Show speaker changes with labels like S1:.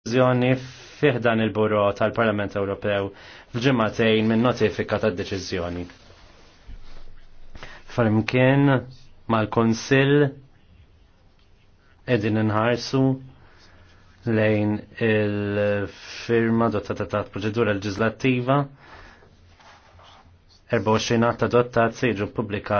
S1: deċiżjoni fiħdan il-Buro tal-Parlament Ewropew f'ġimgħatejn minn notifika tad-deċiżjoni. Farmkien mal konsil qegħdin inħarsu lejn il-firma dotata ta' proċedura leġislattiva 24 ta' dottazzi ġu publika.